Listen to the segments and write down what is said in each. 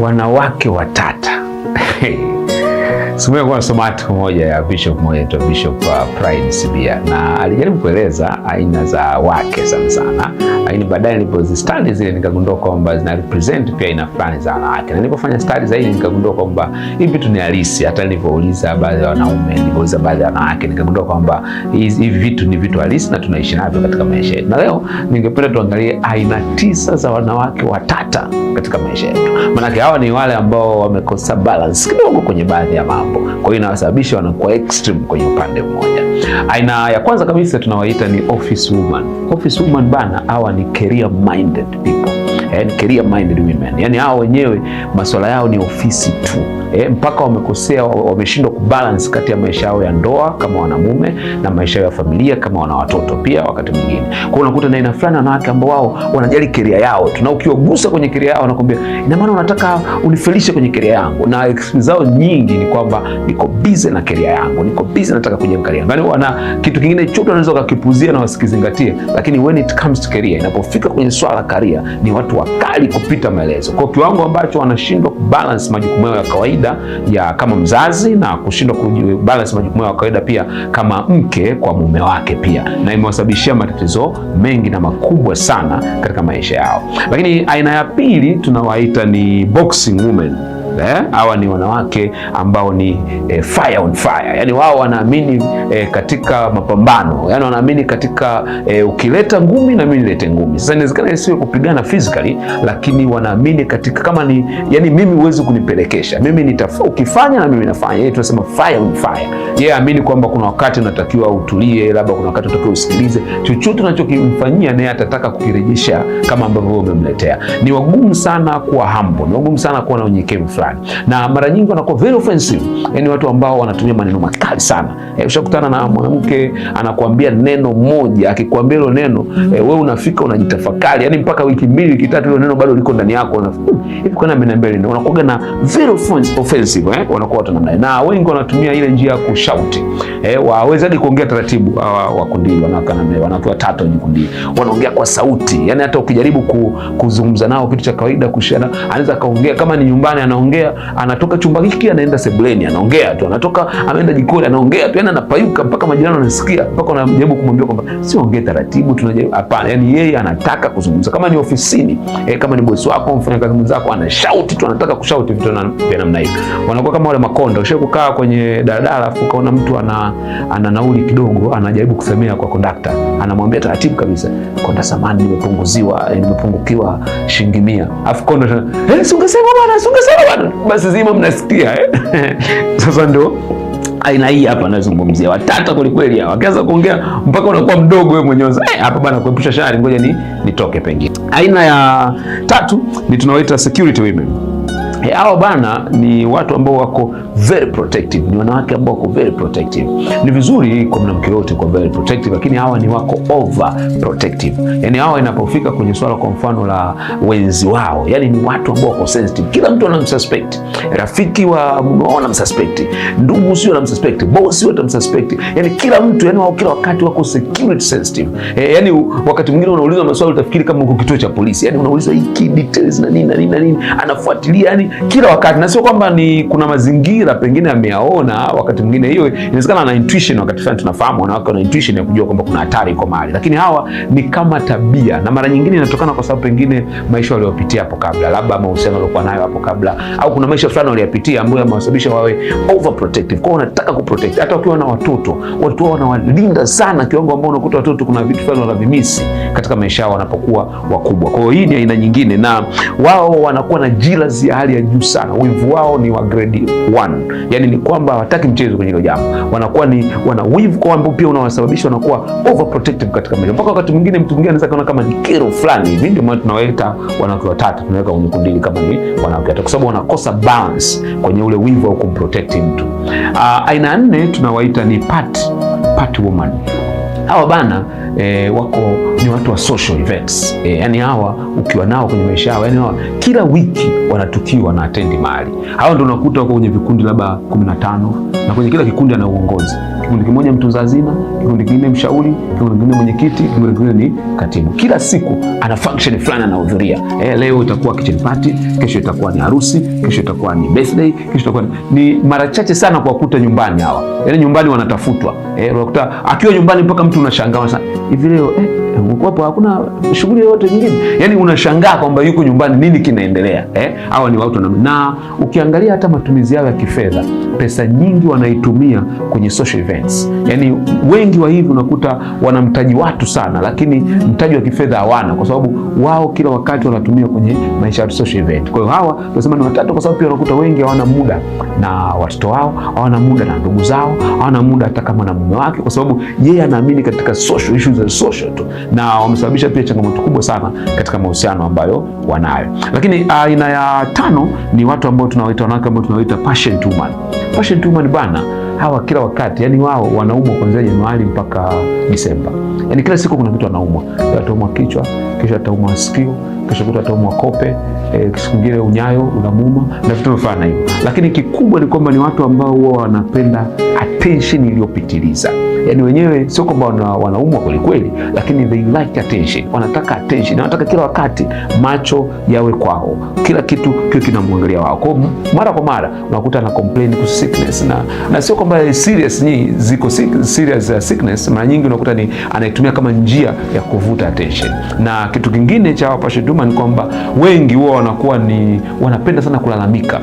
wanawake watata Siku kwa nasoma article moja ya bishop moja to Bishop uh, Pride Sibia, na alijaribu kueleza aina za wake sana sana, lakini baadaye nilipozi study zile nikagundua kwamba zina represent pia aina fulani za wanawake, na nilipofanya study zaidi nikagundua kwamba hii vitu ni halisi. Hata nilipouliza baadhi ya wanaume, nilipouliza baadhi ya wanawake, nikagundua kwamba hivi vitu ni vitu halisi na tunaishi navyo katika maisha yetu. Na leo ningependa tuangalie aina tisa za wanawake watata katika maisha yetu, maanake hawa ni wale ambao wamekosa balance kidogo kwenye baadhi ya mambo mambo. Kwa hiyo inawasababisha wanakuwa extreme kwenye upande mmoja. Aina ya kwanza kabisa tunawaita ni office woman. Office woman bana, hawa ni career minded people eh, career minded women. Yani hao wenyewe masuala yao ni ofisi tu e, mpaka wamekosea, wameshindwa kubalance kati ya maisha yao ya ndoa kama wanamume na maisha yao ya familia kama wana watoto pia wakati mwingine. kwao unakuta na aina fulani wanawake ambao wao wanajali career yao tu, na ukiwagusa kwenye career yao wanakuambia, ina maana unataka unifelishe kwenye career yangu, na excuse zao nyingi ni kwamba niko busy na career yangu, niko busy nataka kujenga career yangu. Yani wana kitu kingine chote wanaweza wakakipuzia na wasikizingatie, lakini when it comes to career, inapofika kwenye swala la career ni watu wa makali kupita maelezo, kwa kiwango ambacho wanashindwa kubalance majukumu yao ya kawaida ya kama mzazi na kushindwa kubalance majukumu yao ya kawaida pia kama mke kwa mume wake pia, na imewasababishia matatizo mengi na makubwa sana katika maisha yao. Lakini aina ya pili tunawaita ni boxing woman. Eh? hawa eh, ni wanawake ambao ni eh, fire on fire, yani wao wanaamini eh, katika mapambano, yani wanaamini katika eh, ukileta ngumi na mimi nilete ngumi. Sasa inawezekana isiwe kupigana physically, lakini wanaamini katika kama ni yani, mimi huwezi kunipelekesha mimi nitafa ukifanya na mimi nafanya, yeye tunasema fire on fire. Yeye aamini kwamba kuna wakati unatakiwa utulie, labda kuna wakati unatakiwa usikilize chochote unachokimfanyia, naye atataka kukirejesha kama ambavyo umemletea. Ni wagumu sana kuwa humble, ni wagumu sana kuwa na unyenyekevu fulani fulani, na mara nyingi wanakuwa very offensive, yani watu ambao wanatumia maneno makali sana. E, ushakutana na mwanamke anakuambia neno moja, akikwambia hilo neno e, wewe unafika unajitafakari, yani mpaka wiki mbili wiki tatu hilo neno bado liko ndani yako, unakuwa hmm, na very offensive eh, wanakuwa watu namna na wengi wanatumia ile njia ya kushauti eh, wawezaji kuongea taratibu hawa ah, wa kundi wanawake na wanawake watatu kwenye kundi wanaongea kwa sauti, yani hata ukijaribu kuzungumza nao kitu cha kawaida kushana, anaweza kaongea kama ni nyumbani anaongea anaongea, anatoka chumba hiki anaenda sebuleni, anaongea tu, anatoka ameenda jikoni, anaongea tu, yani anapayuka mpaka majirani wanasikia, mpaka wanajaribu kumwambia kwamba siongee taratibu, tunajaribu. Hapana, yani yeye anataka kuzungumza. Kama ni ofisini eh, kama ni bosi wako, mfanya mfanyakazi mwenzako, anashauti tu, anataka kushout vitu na vya namna hiyo. Wanakuwa kama wale makonda. kukaa kwenye daladala, alafu ukaona mtu ana ana nauli kidogo, anajaribu kusemea kwa kondakta, anamwambia taratibu kabisa, konda, samani, nimepunguziwa, eh, nimepungukiwa shilingi 100, afu konda, eh, si ungesema bwana, si ungesema bwana basi zima mnasikia eh? Sasa ndo aina hii hapa anazungumzia watata kwelikweli, hawa akianza kuongea mpaka unakuwa mdogo wewe mwenyewe. eh, hapa bana, kuepusha shari, ngoja ni nitoke. Pengine aina ya tatu ni tunawaita security women. Eh, hao bana ni watu ambao wako very protective, ni wanawake ambao wako very protective. Ni vizuri kwa mwanamke yote kwa very protective, lakini hawa ni wako over protective. Yani hawa inapofika kwenye swala kwa mfano la wenzi wao, yani ni watu ambao wako sensitive. Kila mtu anamsuspect, rafiki wa mume wao anamsuspect, ndugu sio anamsuspect, bosi sio atamsuspect, yani kila mtu yani wao kila wakati wako security sensitive. E, eh, yani wakati mwingine unaulizwa maswali utafikiri kama uko kituo cha polisi, yani unauliza hiki details na nini na nini na nini, anafuatilia yani kila wakati, na sio kwamba ni kuna mazingira pengine ameyaona. Wakati mwingine hiyo inawezekana na intuition, wakati fulani tunafahamu wanawake wana intuition ya kujua kwamba kuna hatari iko mahali, lakini hawa ni kama tabia, na mara nyingine inatokana kwa sababu pengine maisha waliyopitia hapo kabla, labda mahusiano waliokuwa nayo hapo kabla, au kuna maisha fulani waliyapitia ambayo yamewasababisha wawe overprotective, kwao wanataka kuprotect. Hata wakiwa na watoto, watu wao wanawalinda sana, kiwango ambao unakuta watoto kuna vitu fulani wanavimisi katika maisha yao wanapokuwa wakubwa. Kwa hiyo hii ni aina nyingine, na wao wanakuwa na jealousy ya hali ya juu sana. Wivu wao ni wa grade 1, yani ni kwamba hawataki mchezo kwenye hilo jambo, wanakuwa ni wana wivu kwa ambao pia unawasababisha wanakuwa overprotective katika maisha, mpaka wakati mwingine mtu mwingine anaweza kuona kama ni kero fulani hivi. Ndio maana tunawaleta wanawake watatu, tunaweka kwenye kundi kama ni wanawake watatu, kwa sababu wanakosa balance kwenye ule wivu au kumprotect mtu. Uh, aina nne tunawaita ni part part woman hawa bana e, wako ni watu wa social events e, yani hawa ukiwa nao kwenye maisha yao, yani hawa kila wiki wanatukiwa na atendi mahali. Hawa ndio unakuta wako kwenye vikundi labda 15 na kwenye kila kikundi ana uongozi, kikundi kimoja mtunza hazina, kikundi kingine mshauri, kikundi kingine mwenyekiti, kikundi kingine ni katibu. Kila siku ana function fulani anahudhuria. E, leo itakuwa kitchen party, kesho itakuwa ni harusi kesho itakuwa ni birthday, kesho itakuwa ni mara chache sana kwa kuta nyumbani hawa. Yaani nyumbani wanatafutwa. Eh, unakuta akiwa nyumbani mpaka mtu unashangaa sana. Hivi leo eh hapo hakuna shughuli yoyote nyingine, yaani unashangaa kwamba yuko nyumbani, nini kinaendelea eh? Hawa ni watu na, na ukiangalia hata matumizi yao ya kifedha, pesa nyingi wanaitumia kwenye social events. Yaani wengi wa hivi unakuta wanamtaji watu sana, lakini mtaji wa kifedha hawana, kwa sababu wao kila wakati wanatumia kwenye maisha ya social event. Kwa hiyo hawa tunasema ni watatu, kwa sababu pia unakuta wengi hawana muda na watoto wao, hawana muda na ndugu zao, hawana muda hata kama na mume wake, kwa sababu yeye anaamini katika social issues za social tu na wamesababisha pia changamoto kubwa sana katika mahusiano ambayo wanayo. Lakini ah, aina ya tano ni watu ambao tunawaita wanawake ambao tunawaita passion woman. Passion woman bana, hawa kila wakati yani wao wanaumwa kuanzia Januari mpaka Disemba, yani kila siku kuna kitu wanaumwa, ataumwa kichwa, kisha ataumwa sikio, kisha ataumwa kope e, unyayo unamuma na vitu vifana hivyo, lakini kikubwa ni kwamba ni watu ambao huwa wanapenda attention iliyopitiliza. Yani wenyewe sio kwamba wanaumwa kweli, lakini they like attention, wanataka attention, wanataka kila wakati macho yawe kwao, kila kitu kiwe kinamwangalia wao. Kwa mara kwa mara unakuta ana complain kuhusu sickness, na na sio kwamba serious nyi ziko serious ya sickness. Mara nyingi unakuta ni anaitumia kama njia ya kuvuta attention, na kitu kingine cha wapashe tuma ni kwamba wengi huwa wanakuwa ni wanapenda sana kulalamika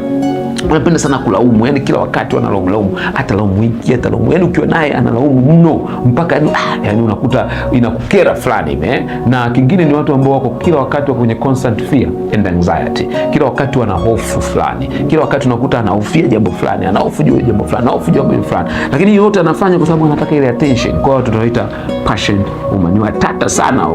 wanapenda sana kulaumu, yani kila wakati wanalaumu, atalaumu hiki, atalaumu yani, ukiwa naye analaumu mno mpaka yani, ah, yani unakuta inakukera fulani eh. Na kingine ni watu ambao wako kila wakati wako kwenye constant fear and anxiety, kila wakati wana hofu fulani, kila wakati unakuta anahofia jambo fulani, anahofu juu ya jambo fulani, anahofu jambo fulani, lakini yote anafanya kwa sababu anataka ile attention. Kwa watu tunaita passion woman, ni watata sana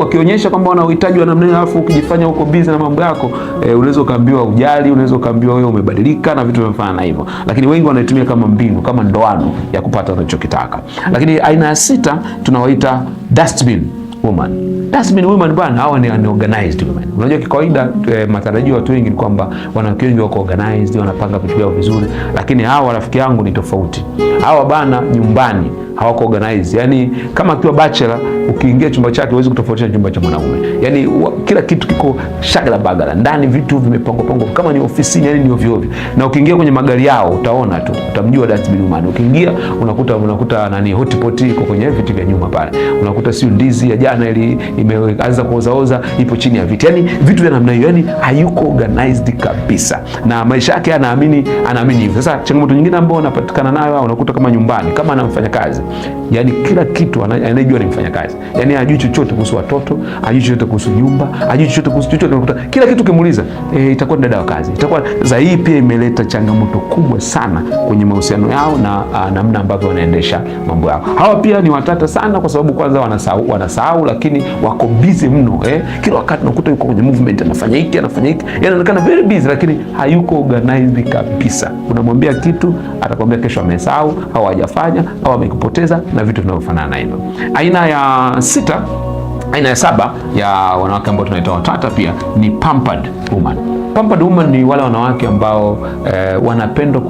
wakionyesha kwamba wana uhitaji wa namna hiyo, alafu ukijifanya uko busy na mambo yako eh, unaweza ukaambiwa ujali, unaweza unaweza ukaambiwa wewe umebadilika na vitu vimefanya na hivyo, lakini wengi wanaitumia kama mbinu, kama ndoano ya kupata unachokitaka. Lakini aina ya sita tunawaita dustbin woman. Dustbin women bwana, hawa ni unorganized women. Unajua kikawaida e, matarajio watu wengi ni kwamba wanawake wengi wako organized, wanapanga vitu vyao vizuri, lakini hawa rafiki yangu ni tofauti. Hawa bana nyumbani hawako organize. Yani kama akiwa bachelor, ukiingia chumba chake huwezi kutofautisha chumba cha mwanaume. Yani kila kitu kiko shagala bagala ndani, vitu vimepangwa pangwa kama ni ofisini, yani ni ovyo ovyo. Na ukiingia kwenye magari yao utaona tu, utamjua dustbin man. Ukiingia unakuta unakuta nani hotpot iko kwenye viti vya nyuma pale, unakuta sio ndizi ya jana ili imeanza kuozaoza ipo chini ya viti, yani vitu vya namna hiyo, yani hayuko organized kabisa, na maisha yake anaamini anaamini hivyo. Sasa changamoto nyingine ambayo unapatikana nayo unakuta kama nyumbani, kama anamfanya kazi Yaani kila kitu anajua ni mfanya kazi, yaani ajui chochote kuhusu watoto, ajui chochote kuhusu nyumba, ajui chochote kuhusu chochote. Kila kitu ukimuuliza e, itakuwa ni dada wa kazi, itakuwa za hii. Pia imeleta changamoto kubwa sana kwenye mahusiano yao na ah, namna ambavyo wanaendesha mambo yao. Hawa pia ni watata sana, kwa sababu kwanza wanasahau, wanasahau lakini wako busy mno eh. Kila wakati unakuta yuko kwenye movement, anafanya hiki, anafanya hiki, yaani anaonekana very busy, lakini hayuko organized kabisa. Unamwambia kitu atakwambia kesho amesahau au hajafanya au amekupo kupoteza na vitu vinavyofanana na hivyo. Aina ya sita Aina ya saba ya wanawake ambao tunaita watata pia ni pampered woman. Pampered woman ni wale wanawake ambao eh, wanapendwa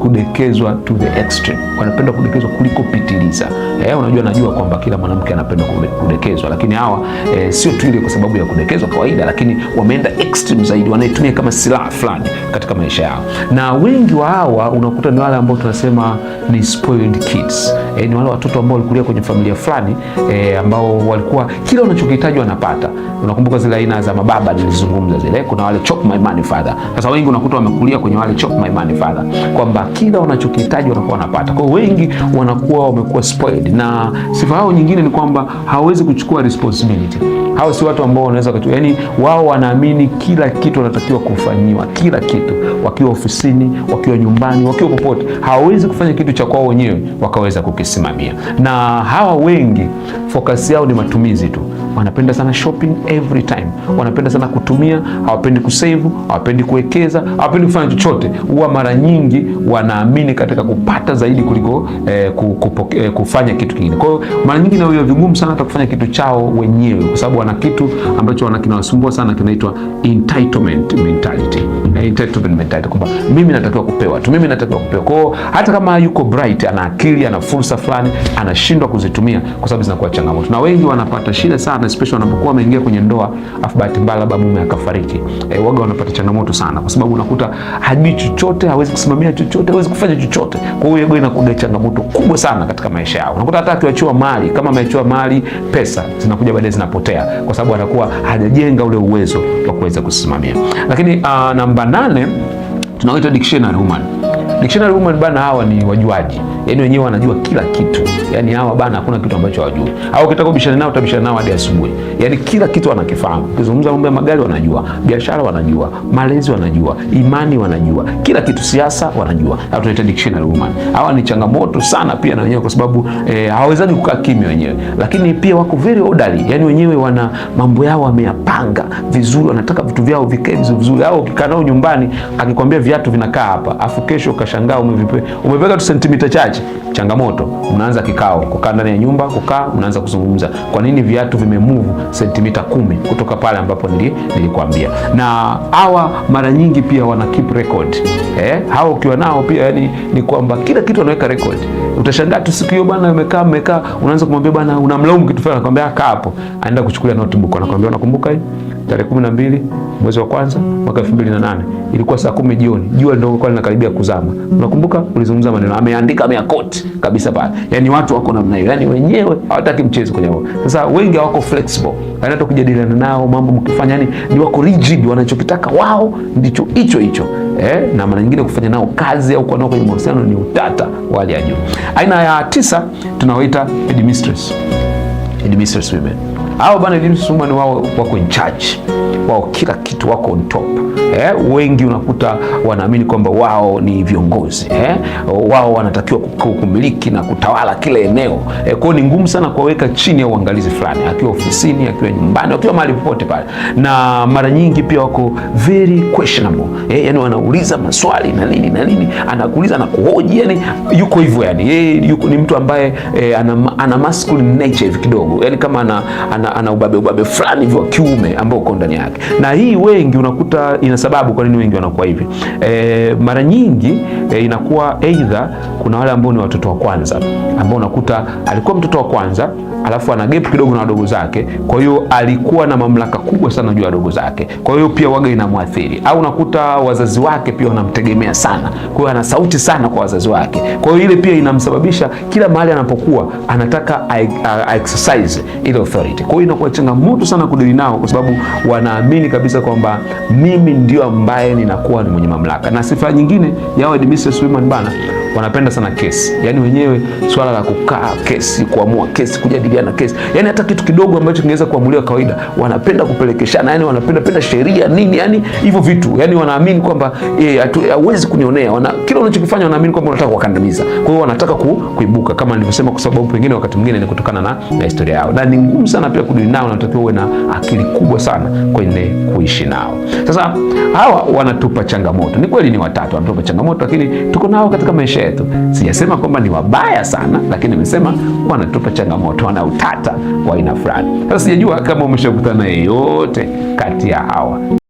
kudekezwa to the extreme, wanapendwa kudekezwa kuliko pitiliza. Eh, unajua najua kwamba kila mwanamke anapendwa kudekezwa, lakini hawa eh, sio tu ile kwa sababu ya kudekezwa kawaida, lakini wameenda extreme zaidi, wanaitumia kama silaha fulani katika maisha yao, na wengi wa hawa unakuta ni wale ambao tunasema ni spoiled kids. Eh, ni wale watoto ambao walikulia kwenye familia fulani eh, ambao walikuwa kila unachokihitaji wanapata. Unakumbuka zile aina za mababa nilizungumza zile, kuna wale chop my money father. Sasa wengi unakuta wamekulia kwenye wale chop my money father, kwamba kila unachokihitaji wanakuwa wanapata. Kwa hiyo wengi wanakuwa wamekuwa spoiled, na sifa yao nyingine ni kwamba hawawezi kuchukua responsibility. Hao si watu ambao wanaweza kitu, yani wao wanaamini kila kitu wanatakiwa kufanyiwa, kila kitu, wakiwa ofisini, wakiwa nyumbani, wakiwa popote. Hawawezi kufanya kitu cha kwao wenyewe wakaweza kukisimamia, na hawa wengi fokasi yao ni matumizi tu wanapenda sana shopping every time, wanapenda sana kutumia, hawapendi kusave, hawapendi kuwekeza, hawapendi kufanya chochote. Huwa mara nyingi wanaamini katika kupata zaidi kuliko eh, kupo, eh, kufanya kitu kingine. Kwa hiyo mara nyingi na vigumu sana hata kufanya kitu chao wenyewe, kwa sababu wana kitu ambacho wana kinawasumbua sana kinaitwa entitlement mentality. Eh, entitlement mentality kwamba mimi natakiwa kupewa tu, mimi natakiwa kupewa. Kwa hiyo hata kama yuko bright, ana akili, ana fursa fulani, anashindwa kuzitumia kwa sababu zinakuwa changamoto, na wengi wanapata shida sana na especially wanapokuwa wameingia kwenye ndoa, afu bahati mbaya labda mume akafariki, e, waga wanapata changamoto sana, kwa sababu unakuta hajui chochote, hawezi kusimamia chochote, hawezi kufanya chochote. Kwa hiyo ego inakuwa changamoto kubwa sana katika maisha yao. Unakuta hata akiwachiwa mali, kama ameachiwa mali, pesa zinakuja baadaye zinapotea, kwa sababu anakuwa hajajenga ule uwezo wa kuweza kusimamia. Lakini uh, namba nane tunaoita dictionary human Dictionary women bana, hawa ni wajuaji, yani wenyewe wanajua kila kitu. Yani hawa bana, hakuna kitu ambacho hawajui. Au ukitaka kubishana nao utabishana nao hadi asubuhi. Yani kila kitu wanakifahamu. Ukizungumza mambo ya magari wanajua, biashara wanajua, malezi wanajua, imani wanajua, kila kitu, siasa wanajua. Hawa tunaita dictionary women. Hawa ni changamoto sana pia na wenyewe kwa sababu eh, hawawezaji kukaa kimya wenyewe, lakini pia wako very orderly. Yani wenyewe wana mambo yao wameyapanga vizuri, wanataka vitu vyao vikae vizuri vizuri. Au ukikaa nao nyumbani akikwambia viatu vinakaa hapa, afu kesho ukashangaa umepeka tu sentimita chache. Changamoto, mnaanza kikao, kukaa ndani ya nyumba, kukaa mnaanza kuzungumza, kwa nini viatu vimemove sentimita kumi kutoka pale ambapo nilikwambia. Na hawa mara nyingi pia wana keep record eh, hao ukiwa nao pia yani ni kwamba kila kitu anaweka record. Utashangaa tu siku hiyo bwana amekaa amekaa, unaanza kumwambia bwana, unamlaumu kitu fulani, anakwambia ah, kaa hapo, aenda kuchukulia notebook, anakwambia unakumbuka hii tarehe 12 mwezi wa kwanza mwaka 2008, ilikuwa saa kumi jioni, jua ndio lilikuwa linakaribia kuzama. Unakumbuka ulizungumza maneno, ameandika ameakoti kabisa pale. Yani watu wako namna hiyo, yani wenyewe hawataki mchezo kwenye wao. Sasa wengi hawako flexible, yani hata kujadiliana nao mambo mkifanya, yani ni wako rigid, wanachokitaka wao ndicho hicho hicho eh, na mara nyingine kufanya nao kazi au kuwa nao kwenye mahusiano ni utata wa hali ya juu. Aina ya tisa tunaoita headmistress, headmistress women hao bwana James ni wao wako in charge wao kila kitu wako on top eh? Wengi unakuta wanaamini kwamba wao ni viongozi eh? Wao wanatakiwa kumiliki na kutawala kila eneo eh? Kwao ni ngumu sana kuwaweka chini ya uangalizi fulani, akiwa ofisini, akiwa nyumbani, akiwa mahali popote pale, na mara nyingi pia wako very questionable eh? Yani wanauliza maswali na nini na nini, anakuuliza na kuhoji, yani yuko hivyo yani, yeye yuko ni mtu ambaye eh, ana, ana masculine nature kidogo yani kama ana, ana ana, ana ubabe ubabe fulani wa kiume ambao uko ndani yake, na hii wengi unakuta ina sababu kwa nini wengi wanakuwa hivi. E, mara nyingi e, inakuwa aidha kuna wale ambao ni watoto wa kwanza ambao unakuta alikuwa mtoto wa kwanza alafu ana gap kidogo na wadogo zake, kwa hiyo alikuwa na mamlaka kubwa sana juu ya wadogo zake, kwa hiyo pia waga inamwathiri. Au unakuta wazazi wake pia wanamtegemea sana, kwa hiyo ana sauti sana kwa wazazi wake, kwa hiyo ile pia inamsababisha kila mahali anapokuwa anataka a, a, a exercise ile authority. Kwa hiyo inakuwa changamoto sana kudili nao, kwa sababu wanaamini kabisa kwamba mimi ndio ambaye ninakuwa ni mwenye mamlaka. Na sifa nyingine ya headmistress women bana, wanapenda sana kesi, yani wenyewe swala la kukaa kesi, kuamua kesi, kujadiliana kesi, yani hata kitu kidogo ambacho kingeweza kuamuliwa kawaida wanapenda kupelekeshana, yani wanapenda penda sheria nini, yani hivyo vitu, yani wanaamini kwamba eh, hauwezi kunionea wana, kila unachokifanya wanaamini kwamba unataka kuwakandamiza. Kwa hiyo wanataka ku, kuibuka kama nilivyosema, kwa sababu pengine wakati mwingine ni kutokana na, na historia yao na ni ngumu sana pia kudili nao, natakiwa uwe na akili kubwa sana kwenye kuishi nao. Sasa hawa wanatupa changamoto, ni kweli, ni watatu wanatupa changamoto, lakini tuko nao katika maisha yetu. Sijasema kwamba ni wabaya sana, lakini nimesema wanatupa changamoto, wana utata wa aina fulani. Sasa sijajua kama umeshakutana yeyote kati ya hawa.